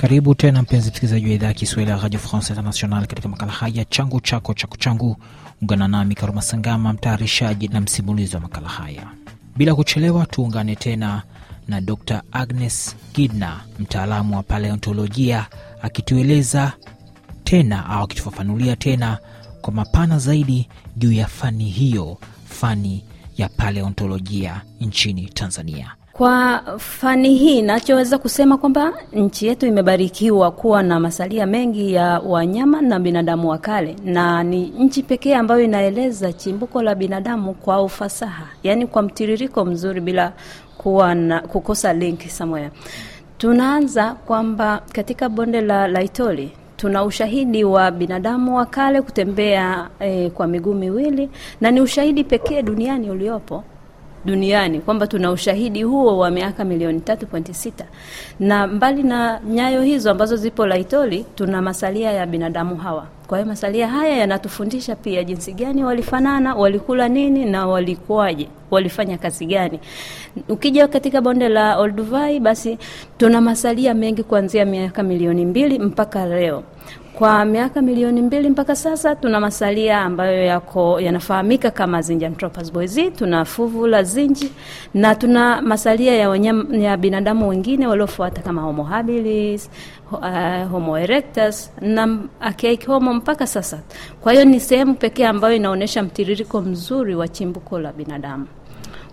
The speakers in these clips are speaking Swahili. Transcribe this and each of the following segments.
Karibu tena mpenzi msikilizaji wa idhaa ya Kiswahili ya Radio France International katika makala haya changu chako chako changu. Ungana nami Karuma Sangama, mtayarishaji na msimulizi wa makala haya. Bila kuchelewa, tuungane tena na Dr Agnes Gidna, mtaalamu wa paleontolojia, akitueleza tena au akitufafanulia tena kwa mapana zaidi juu ya fani hiyo, fani ya paleontolojia nchini Tanzania. Kwa fani hii, nachoweza kusema kwamba nchi yetu imebarikiwa kuwa na masalia mengi ya wanyama na binadamu wa kale, na ni nchi pekee ambayo inaeleza chimbuko la binadamu kwa ufasaha, yaani kwa mtiririko mzuri bila kuwa na kukosa link somewhere. Tunaanza kwamba katika bonde la Laitoli tuna ushahidi wa binadamu wa kale kutembea e, kwa miguu miwili na ni ushahidi pekee duniani uliopo duniani kwamba tuna ushahidi huo wa miaka milioni 3.6 na mbali na nyayo hizo ambazo zipo Laitoli, tuna masalia ya binadamu hawa. Kwa hiyo masalia haya yanatufundisha pia jinsi gani walifanana, walikula nini na walikuwaje, walifanya kazi gani. Ukija katika bonde la Olduvai, basi tuna masalia mengi kuanzia miaka milioni mbili mpaka leo. Kwa miaka milioni mbili mpaka sasa tuna masalia ambayo yako yanafahamika kama zinji antropas Boys, tuna fuvu la Zinji na tuna masalia ya, wanyama, ya binadamu wengine waliofuata kama Homo habilis, uh, Homo erectus na Archaic Homo mpaka sasa. Kwa hiyo ni sehemu pekee ambayo inaonyesha mtiririko mzuri wa chimbuko la binadamu.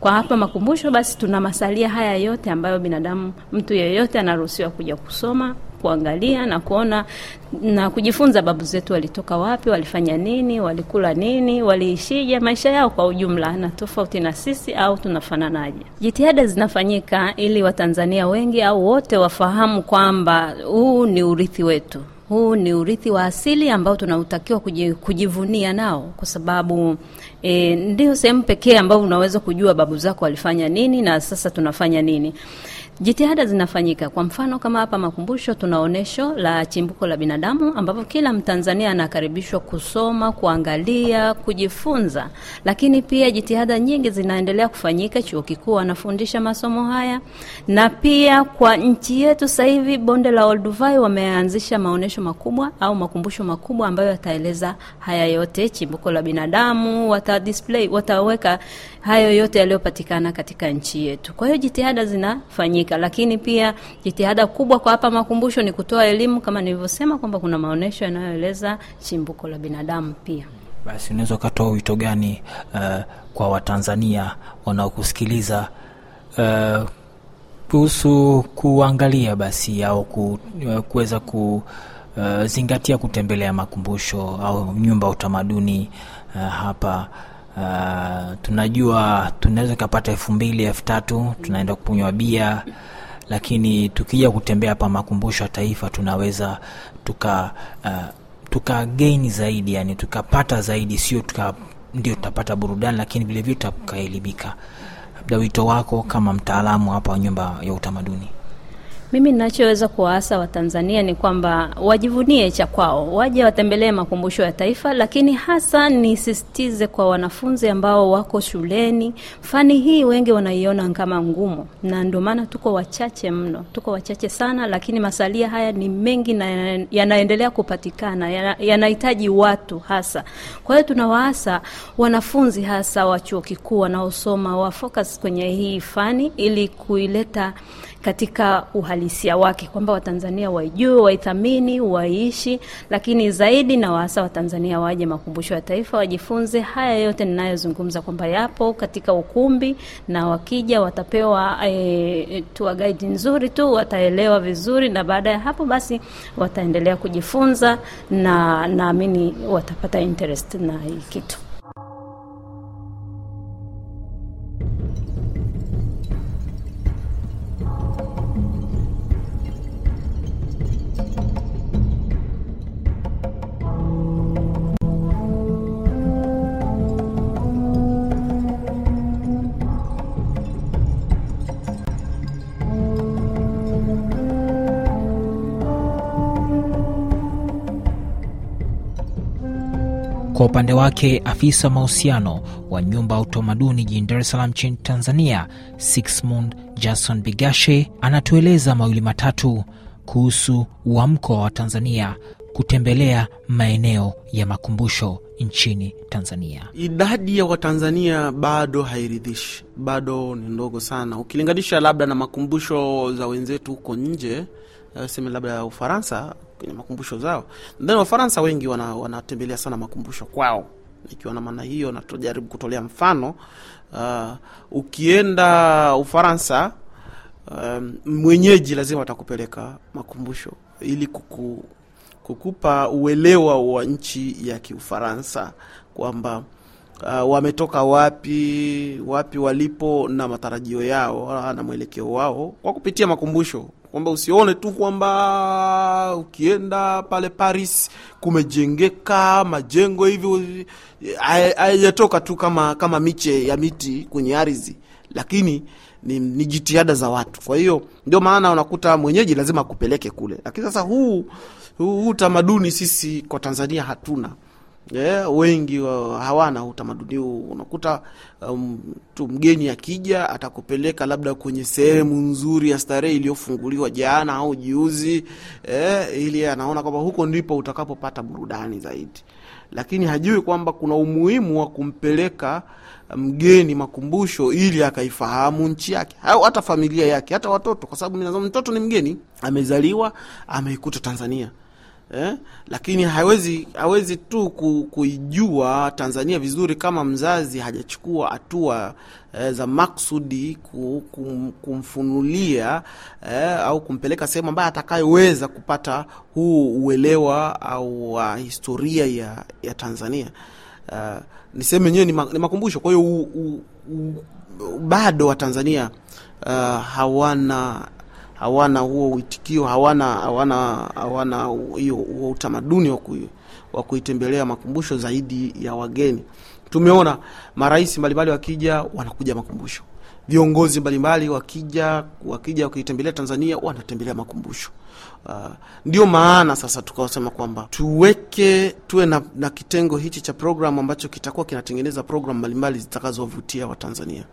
Kwa hapa makumbusho, basi tuna masalia haya yote ambayo binadamu, mtu yeyote anaruhusiwa kuja kusoma kuangalia na kuona na kujifunza babu zetu walitoka wapi, walifanya nini, walikula nini, waliishije maisha yao kwa ujumla, na tofauti na sisi au tunafananaje. Jitihada zinafanyika ili Watanzania wengi au wote wafahamu kwamba huu ni urithi wetu huu ni urithi wa asili ambao tunautakiwa kujivunia nao, kwa sababu e, ndio sehemu pekee ambayo unaweza kujua babu zako walifanya nini na sasa tunafanya nini. Jitihada zinafanyika. Kwa mfano kama hapa makumbusho, tuna onyesho la chimbuko la binadamu, ambapo kila Mtanzania anakaribishwa kusoma, kuangalia, kujifunza. Lakini pia jitihada nyingi zinaendelea kufanyika. Chuo kikuu wanafundisha masomo haya, na pia kwa nchi yetu sasa hivi bonde la Olduvai wameanzisha maonyesho makubwa au makumbusho makubwa ambayo yataeleza haya yote, chimbuko la binadamu, wata display, wataweka hayo yote yaliyopatikana katika nchi yetu. Kwa hiyo jitihada zinafanyika kufanyika, lakini pia jitihada kubwa kwa hapa makumbusho ni kutoa elimu, kama nilivyosema kwamba kuna maonyesho yanayoeleza chimbuko la binadamu pia. Basi unaweza ukatoa wito gani uh, kwa Watanzania wanaokusikiliza uh, kuhusu kuangalia basi au ku, eh, kuweza kuzingatia kutembelea makumbusho au nyumba ya utamaduni uh, hapa Uh, tunajua tunaweza ikapata elfu mbili elfu tatu tunaenda kunywa bia, lakini tukija kutembea hapa makumbusho ya taifa tunaweza tuka uh, tuka gain zaidi, yani tukapata zaidi, sio tuka ndio tutapata burudani, lakini vilevile tutakaelimika. Labda wito wako kama mtaalamu hapa wa nyumba ya utamaduni? Mimi ninachoweza kuwaasa Watanzania ni kwamba wajivunie cha kwao, waje watembelee makumbusho ya taifa, lakini hasa nisisitize kwa wanafunzi ambao wako shuleni. Fani hii wengi wanaiona kama ngumu, na ndio maana tuko wachache mno, tuko wachache sana, lakini masalia haya ni mengi na yanaendelea kupatikana, yanahitaji watu hasa. Kwa hiyo tunawaasa wanafunzi hasa wa chuo kikuu wanaosoma wa kwenye hii fani ili kuileta katika uhalisia wake, kwamba Watanzania waijue, waithamini, waiishi, lakini zaidi na waasa Watanzania waje Makumbusho ya Taifa wajifunze haya yote ninayozungumza, kwamba yapo katika ukumbi na wakija watapewa e, tour guide nzuri tu, wataelewa vizuri, na baada ya hapo basi wataendelea kujifunza na naamini watapata interest na hii kitu. Kwa upande wake afisa mahusiano wa nyumba ya utamaduni jijini Dar es Salaam nchini Tanzania, Sixmund Jason Bigashe, anatueleza mawili matatu kuhusu uamko wa Tanzania kutembelea maeneo ya makumbusho nchini Tanzania. Idadi ya Watanzania bado hairidhishi, bado ni ndogo sana ukilinganisha labda na makumbusho za wenzetu huko nje, eh, seme labda ya Ufaransa kwenye makumbusho zao. Nadhani Wafaransa wengi wanatembelea wana sana makumbusho kwao, nikiwa na maana hiyo, na kutolea mfano uh, ukienda Ufaransa um, mwenyeji lazima watakupeleka makumbusho ili kuku, kukupa uelewa wa nchi ya Kiufaransa kwamba uh, wametoka wapi, wapi walipo na matarajio yao na mwelekeo wao kwa kupitia makumbusho kwamba usione tu kwamba ukienda pale Paris kumejengeka majengo hivi, hayajatoka tu kama, kama miche ya miti kwenye ardhi, lakini ni, ni jitihada za watu. Kwa hiyo ndio maana unakuta mwenyeji lazima akupeleke kule, lakini sasa huu huu utamaduni sisi kwa Tanzania hatuna yeah, wengi hawana utamaduni huu. Unakuta um, mgeni akija atakupeleka labda kwenye sehemu nzuri ya starehe iliyofunguliwa jana au juzi yeah, ili anaona kwamba huko ndipo utakapopata burudani zaidi, lakini hajui kwamba kuna umuhimu wa kumpeleka um, mgeni makumbusho ili akaifahamu nchi yake au hata familia yake hata watoto, kwa sababu mtoto ni mgeni, amezaliwa ameikuta Tanzania eh? Lakini hawezi hawezi tu kuijua Tanzania vizuri kama mzazi hajachukua hatua eh, za maksudi kum, kumfunulia eh, au kumpeleka sehemu ambayo atakayoweza kupata huu uelewa au uh, historia ya, ya Tanzania. Uh, ni sehemu yenyewe ni makumbusho. Kwa hiyo bado Watanzania uh, hawana hawana huo uitikio, hawana hawana hawana hiyo huo utamaduni wa wa kuitembelea makumbusho zaidi ya wageni. Tumeona marais mbalimbali wakija wanakuja makumbusho, viongozi mbalimbali wakija wakija wakiitembelea Tanzania wanatembelea makumbusho. Uh, ndio maana sasa tukasema kwamba tuweke tuwe na, na kitengo hichi cha programu ambacho kitakuwa kinatengeneza programu mbalimbali zitakazovutia Watanzania.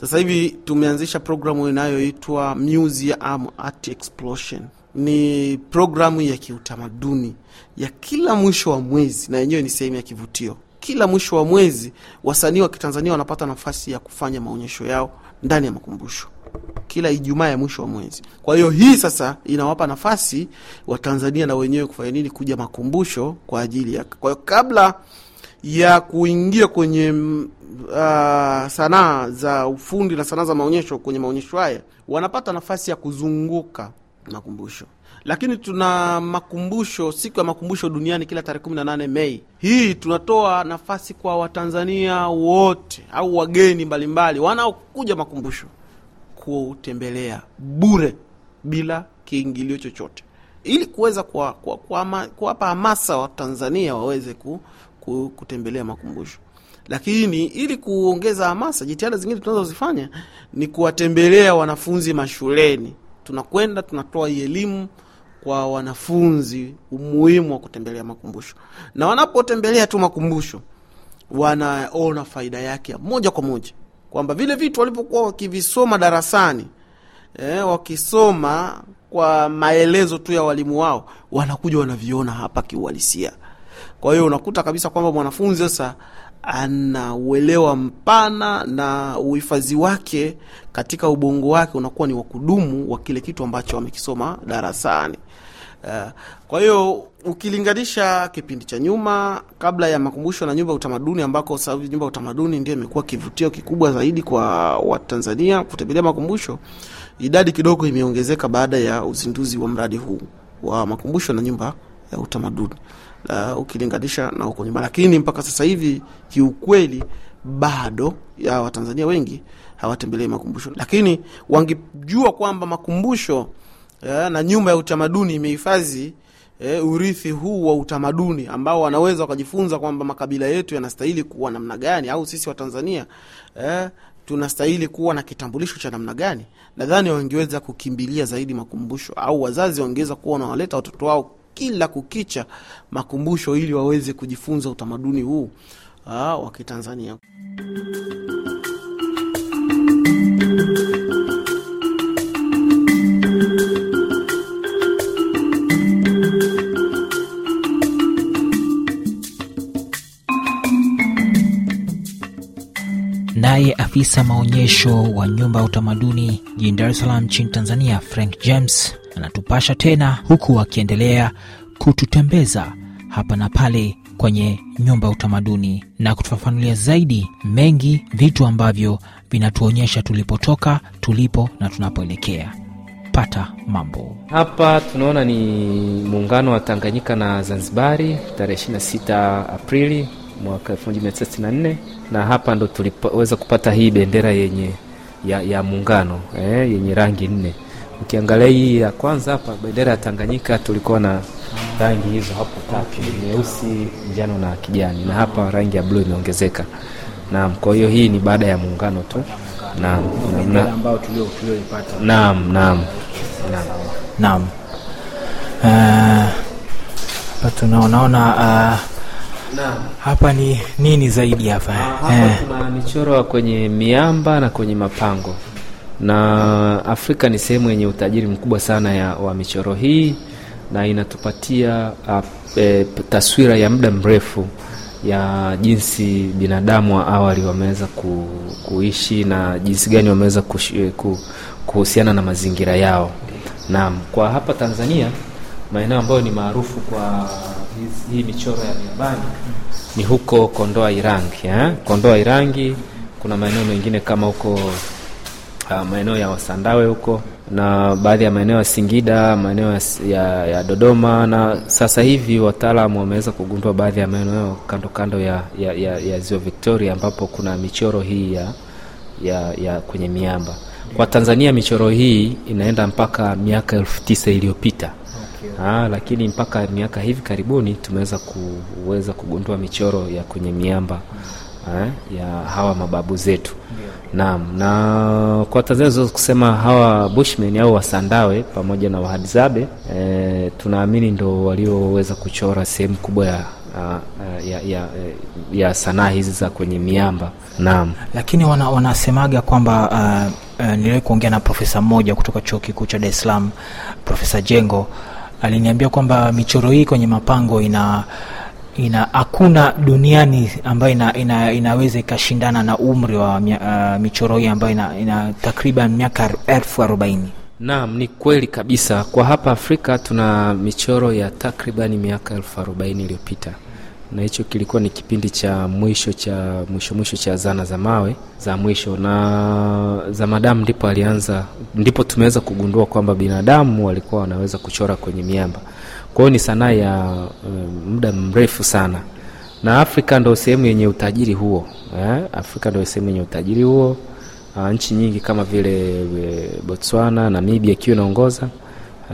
Sasa hivi tumeanzisha programu inayoitwa Museum Art Explosion. Ni programu ya kiutamaduni ya kila mwisho wa mwezi, na yenyewe ni sehemu ya kivutio. Kila mwisho wa mwezi wasanii wa Kitanzania wanapata nafasi ya kufanya maonyesho yao ndani ya makumbusho kila Ijumaa ya mwisho wa mwezi. Kwa hiyo hii sasa inawapa nafasi Watanzania na wenyewe kufanya nini, kuja makumbusho kwa ajili ya. Kwa hiyo kabla ya kuingia kwenye uh, sanaa za ufundi na sanaa za maonyesho kwenye maonyesho haya wanapata nafasi ya kuzunguka makumbusho lakini tuna makumbusho, siku ya makumbusho duniani kila tarehe 18 Mei. Hii tunatoa nafasi kwa Watanzania wote au wageni mbalimbali wanaokuja makumbusho kutembelea bure bila kiingilio chochote, ili kuweza kuwapa hamasa Watanzania waweze ku, kutembelea makumbusho. Lakini ili kuongeza hamasa, jitihada zingine tunazozifanya ni kuwatembelea wanafunzi mashuleni. Tunakwenda tunatoa elimu kwa wanafunzi umuhimu wa kutembelea makumbusho, na wanapotembelea tu makumbusho wanaona faida yake moja kwa moja kwamba vile vitu walivyokuwa wakivisoma darasani eh, wakisoma kwa maelezo tu ya walimu wao wanakuja wanaviona hapa kiuhalisia. Kwa hiyo unakuta kabisa kwamba mwanafunzi sasa ana uelewa mpana na uhifadhi wake katika ubongo wake unakuwa ni wakudumu wa kile kitu ambacho amekisoma darasani. Uh, kwa hiyo ukilinganisha kipindi cha nyuma kabla ya makumbusho na nyumba ya utamaduni, ambako sababu nyumba ya utamaduni ndio imekuwa kivutio kikubwa zaidi kwa Watanzania kutembelea makumbusho, idadi kidogo imeongezeka baada ya uzinduzi wa mradi huu wa makumbusho na nyumba ya utamaduni uh, ukilinganisha na huko nyuma, lakini mpaka sasa hivi kiukweli bado ya Watanzania wengi hawatembelei makumbusho, lakini wangejua kwamba makumbusho ya, eh, na nyumba ya utamaduni imehifadhi E, urithi huu wa utamaduni ambao wanaweza wakajifunza kwamba makabila yetu yanastahili kuwa namna gani, au sisi Watanzania e, eh, tunastahili kuwa na kitambulisho cha namna gani. Nadhani wangeweza kukimbilia zaidi makumbusho, au wazazi wangeweza kuwa wanawaleta watoto wao kila kukicha makumbusho ili waweze kujifunza utamaduni huu ah, wa Kitanzania. Naye afisa maonyesho wa nyumba ya utamaduni jijini Dar es Salaam nchini Tanzania, Frank James anatupasha tena, huku akiendelea kututembeza hapa na pale kwenye nyumba ya utamaduni na kutufafanulia zaidi mengi, vitu ambavyo vinatuonyesha tulipotoka, tulipo na tunapoelekea. Pata mambo hapa. Tunaona ni muungano wa Tanganyika na Zanzibari tarehe 26 Aprili mwaka 1964 na hapa ndo tuliweza kupata hii bendera yenye ya, ya muungano eh, yenye rangi nne Ukiangalia hii ya kwanza hapa, bendera ya Tanganyika tulikuwa na rangi hizo hapo tatu, nyeusi, njano na kijani, na hapa rangi ya bluu imeongezeka. Naam, kwa hiyo hii ni baada ya muungano tu. Naam, naam, naam, Hapa eh, tunaonaona eh, hapa ni nini zaidi hapa? Hapa eh. kuna michoro kwenye miamba na kwenye mapango na Afrika ni sehemu yenye utajiri mkubwa sana ya, wa michoro hii na inatupatia uh, e, taswira ya muda mrefu ya jinsi binadamu wa awali wameweza ku, kuishi na jinsi gani wameweza eh, ku, kuhusiana na mazingira yao. Naam, kwa hapa Tanzania maeneo ambayo ni maarufu kwa hii, hii michoro ya miabani ni huko Kondoa Irangi eh? Kondoa Irangi, kuna maeneo mengine kama huko katika maeneo ya Wasandawe huko na baadhi ya maeneo ya Singida, maeneo ya, ya Dodoma, na sasa hivi wataalamu wameweza kugundua baadhi ya maeneo kando kando ya, ya, ya, ya ziwa Victoria ambapo kuna michoro hii ya, ya, ya kwenye miamba. Kwa Tanzania michoro hii inaenda mpaka miaka elfu ti iliyopita. Aa, ah, lakini mpaka miaka hivi karibuni tumeweza kuweza kugundua michoro ya kwenye miamba eh, ya hawa mababu zetu naam. Na kwa Tanzania kusema hawa Bushmen au Wasandawe pamoja na Wahadzabe eh, tunaamini ndo walioweza kuchora sehemu kubwa ya eh, ya, ya, ya sanaa hizi za kwenye miamba naam. Lakini wana, wanasemaga kwamba uh, uh, niliwahi kuongea na profesa mmoja kutoka chuo kikuu cha Dar es Salaam, Profesa Jengo aliniambia kwamba michoro hii kwenye mapango ina ina hakuna duniani ambayo ina, ina, inaweza ikashindana na umri wa uh, michoro hii ambayo ina, ina takriban miaka elfu arobaini. Naam, ni kweli kabisa. Kwa hapa Afrika tuna michoro ya takribani miaka elfu arobaini iliyopita na hicho kilikuwa ni kipindi cha mwisho cha mwisho mwisho cha zana za mawe za mwisho na za madamu, ndipo alianza ndipo tumeweza kugundua kwamba binadamu walikuwa wanaweza kuchora kwenye miamba. Kwa hiyo ni sanaa ya um, muda mrefu sana, na Afrika ndio sehemu yenye utajiri huo eh? Afrika ndio sehemu yenye utajiri huo. Uh, nchi nyingi kama vile eh, Botswana, Namibia ikiwa inaongoza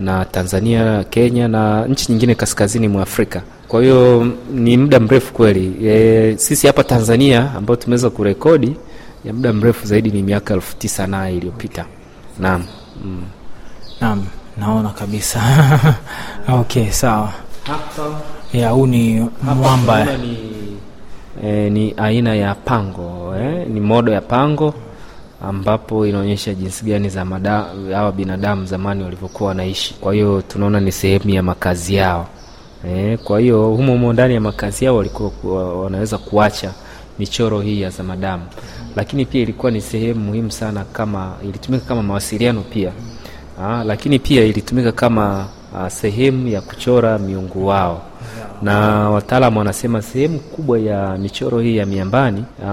na Tanzania, Kenya na nchi nyingine kaskazini mwa Afrika. Kwa hiyo ni muda mrefu kweli. E, sisi hapa Tanzania ambao tumeweza kurekodi ya muda mrefu zaidi ni miaka elfu tisa na iliyopita. Naam. Mm. Naam naona kabisa okay sawa hapa ya huu ni mwamba ni, eh, ni aina ya pango eh? ni modo ya pango ambapo inaonyesha jinsi gani za hawa binadamu zamani walivyokuwa wanaishi kwa hiyo tunaona ni sehemu ya makazi yao eh? kwa hiyo humo humo ndani ya makazi yao walikuwa wanaweza kuacha michoro hii ya zamadamu lakini pia ilikuwa ni sehemu muhimu sana kama ilitumika kama mawasiliano pia mm Aa, ah, lakini pia ilitumika kama uh, sehemu ya kuchora miungu wao na wataalamu wanasema sehemu kubwa ya michoro hii ya miambani aa,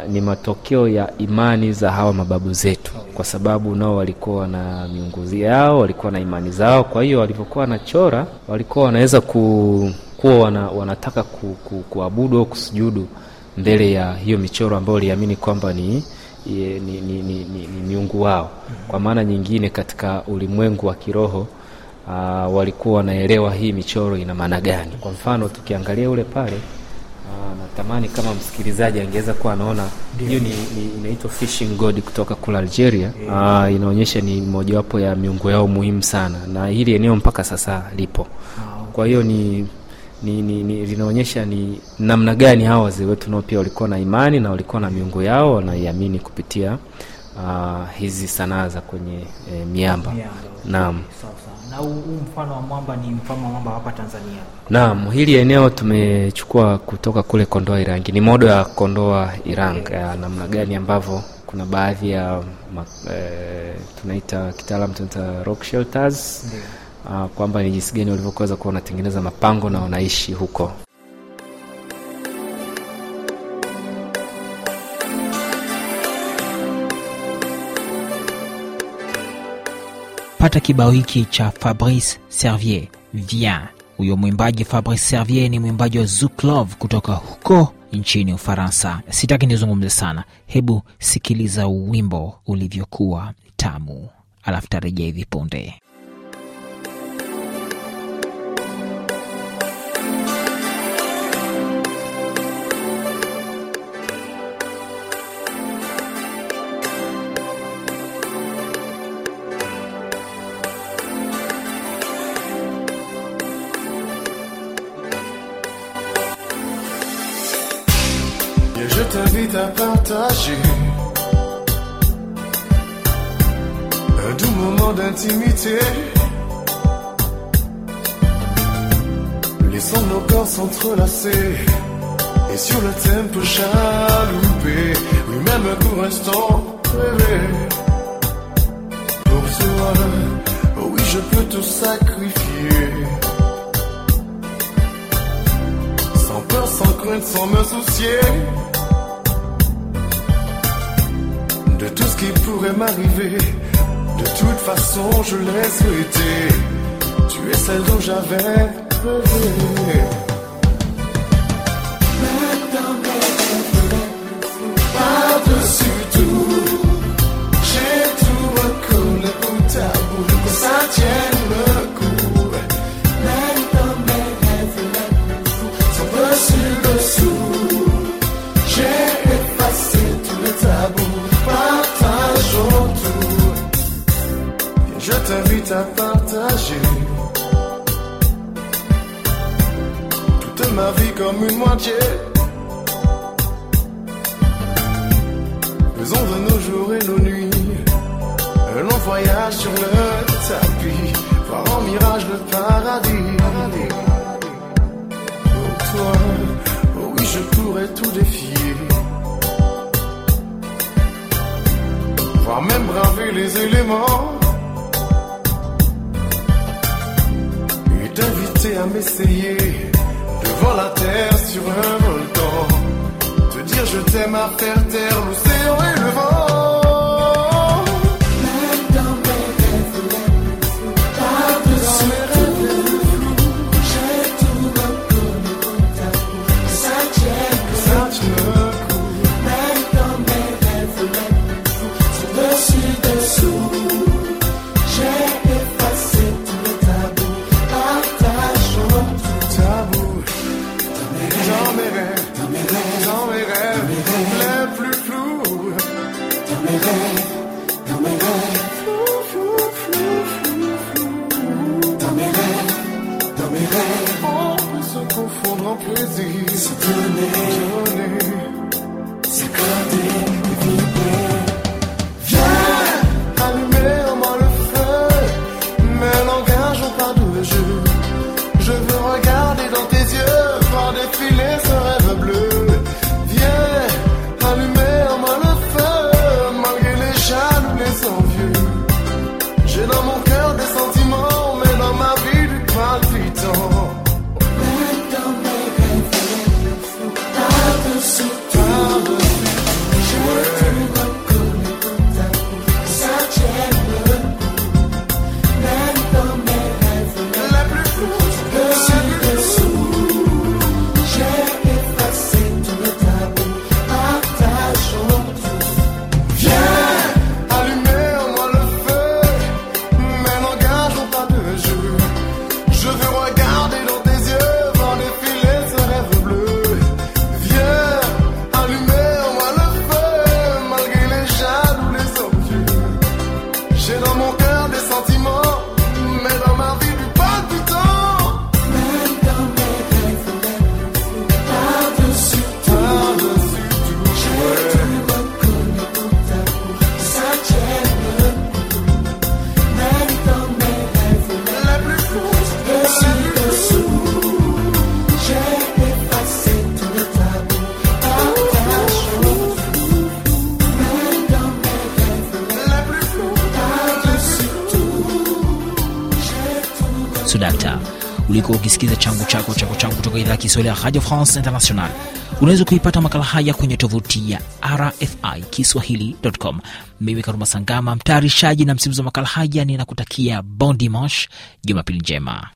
ah, ni matokeo ya imani za hawa mababu zetu, kwa sababu nao walikuwa na miungu yao, walikuwa na imani zao. Kwa hiyo walivyokuwa wanachora, walikuwa wanaweza ku, kuwa wana, wanataka ku, ku, kuabudu au kusujudu mbele ya hiyo michoro ambayo waliamini kwamba ni ye, ni, ni, ni, ni, ni miungu wao. Kwa maana nyingine, katika ulimwengu wa kiroho aa, ah, walikuwa wanaelewa hii michoro ina maana gani. Kwa mfano tukiangalia ule pale ah, natamani kama msikilizaji angeweza kuwa anaona hiyo ni, ni inaitwa fishing god kutoka kule Algeria. Eh. Aa, ah, inaonyesha ni mojawapo ya miungu yao muhimu sana, na hili eneo mpaka sasa lipo. Kwa hiyo ni ni, ni, ni linaonyesha ni namna gani hawa wazee wetu nao pia walikuwa na imani na walikuwa na miungu yao wanaiamini kupitia uh, hizi sanaa za kwenye eh, miamba. miamba. Naam. Na Naam, hili eneo tumechukua kutoka kule Kondoa Irangi. Ni modo ya Kondoa Irangi okay. namna gani ambavyo kuna baadhi ya ma, eh, tunaita kitaalam tunaita rock shelters yeah uh, kwamba ni jinsi gani walivyokuweza kuwa wanatengeneza mapango na wanaishi huko pata kibao hiki cha fabrice servier vien huyo mwimbaji fabrice servier ni mwimbaji wa zuklove kutoka huko nchini ufaransa sitaki nizungumze sana hebu sikiliza wimbo ulivyokuwa tamu alafu tarejea hivi punde un doux moment d'intimité. Laissant nos corps s'entrelacer et sur le temple chaloupé, lui même un instant rêvé. Pour toi, oui, je peux tout sacrifier. Sans peur, sans crainte, sans me soucier. de tout ce qui pourrait m'arriver. De toute façon, je l'ai souhaité. Tu es celle dont j'avais rêvé. à partager. Toute ma vie comme une moitié. Faisons de nos jours et nos nuits un long voyage sur le tapis. Voir en mirage le paradis. Pour toi, oh oui, je pourrais tout défier. Voir même braver les éléments. invité à m'essayer devant la terre sur un volcan. Te dire je t'aime à terre, terre, l'océan et le vent. kuliko ukisikiza changu chako chako changu kutoka idhaa ya Kiswahili ya Radio France International. Unaweza kuipata makala haya kwenye tovuti ya RFI Kiswahili.com. Mimi Karuma Sangama, mtayarishaji na msimuzi wa makala haya, ninakutakia bon dimanche, Jumapili njema.